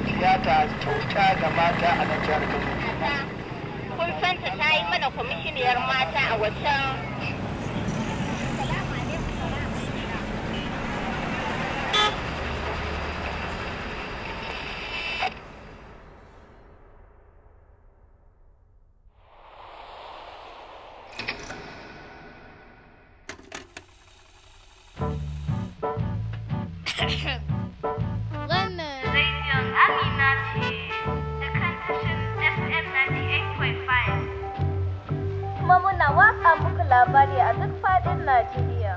tiyata kyauta ga mata a nan jihar kano. Kun san ta yi mana kwamishiniyar mata a wacan labari a duk faɗin Najeriya.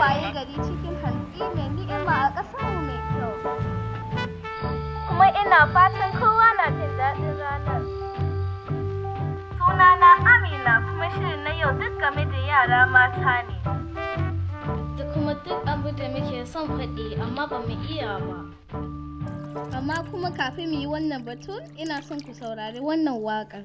Waye gari cikin hantsi mai ni'ima a ƙasarmu mai kyau. Kuma ina fatan kowa na jin daɗin ranar. Sunana Amina kuma shirin na yau duk game da yara mata ne. Da kuma duk abu da muke son faɗi amma ba mu iya ba. Amma kuma kafin mu yi wannan batun ina son ku saurari wannan waƙar.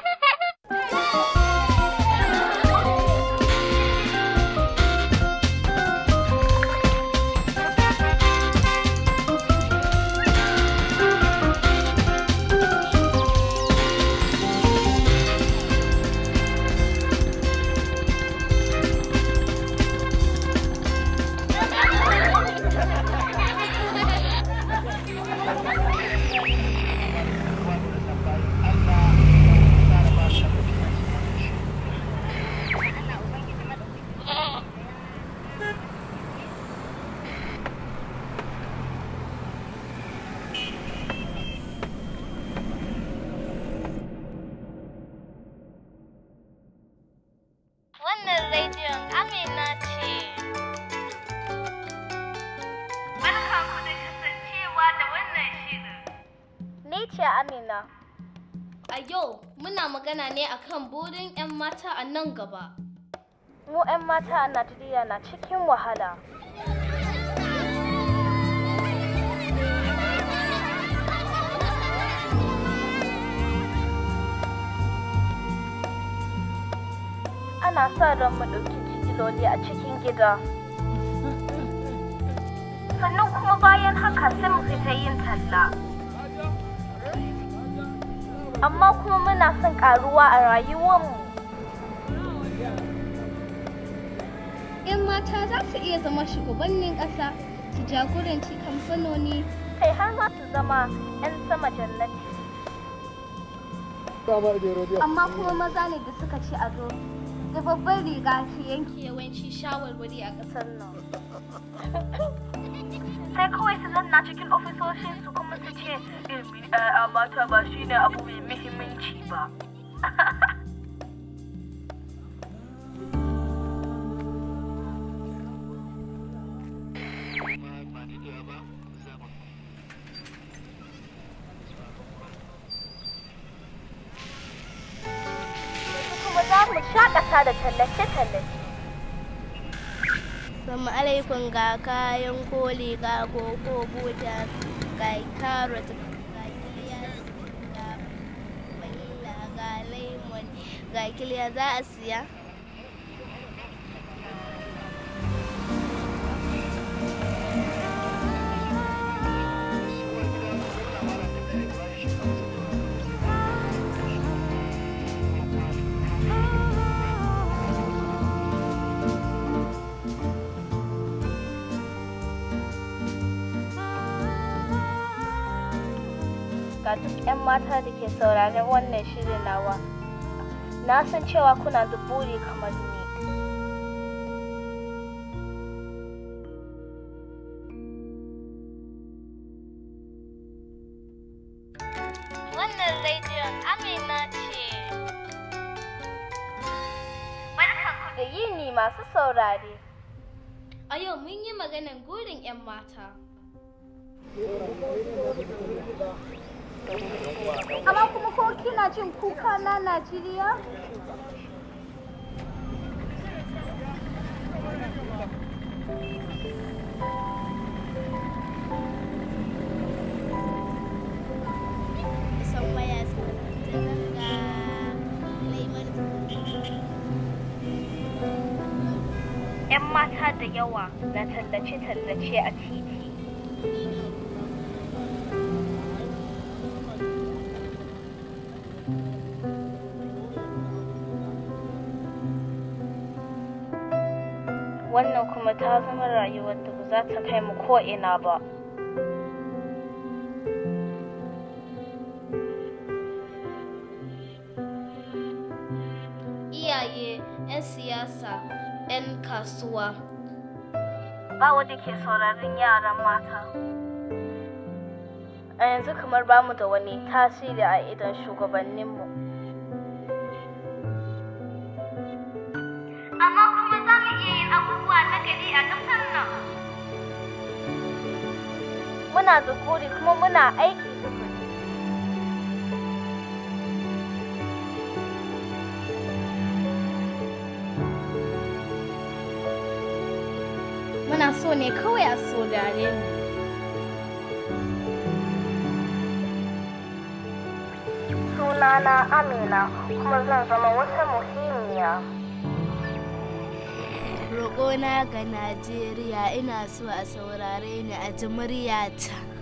Ni ce Amina. A yau muna magana ne akan burin 'yan mata a nan gaba. Mu 'yan mata a Najeriya na cikin wahala. Ana sa ran mu ɗauki jijiloli a cikin gida. Sannan kuma bayan haka sai mu fita yin talla. amma kuma muna son karuwa a rayuwarmu yan mata za su iya zama shugabannin ƙasa su jagoranci kamfanoni kai har ma su zama 'yan sama jannati amma kuma maza ne da suka ci ado da babbar riga ke yanke yawanci shawarwari a ƙasar nan sai kawai su zanna cikin ofisoshin su kuma su ce ilimi eh, a mata ba shi ne abu mai muhimmanci ba Shaƙata da tallace-tallace. Mama alaikun ga kayan koli ga koko buta ga carrot ga kiliya ga vanilla ga lemon ga kiliya za a siya. ga duk 'yan mata da ke sauraron wannan shirin nawa. Na san cewa kuna da buri kamar ni. Wannan masu saurare. A yau mun yi maganin gurin 'yan mata. amma kuma ko kina jin kuka na najeriya ‘Yan mata da yawa na tallace-tallace a titi. wannan kuma ta zama rayuwar da ba za ta kai mu ko'ina ba iyaye 'yan siyasa 'yan kasuwa ba wanda ke sauraron yaran mata a yanzu kamar bamu da wani tasiri a idan shugabanninmu muna zukuri kuma muna aiki muna so ne kawai a mu sunana amina kuma zan zama wata muhimmiya roƙona ga Najeriya ina so a saurare ni a ji muryata.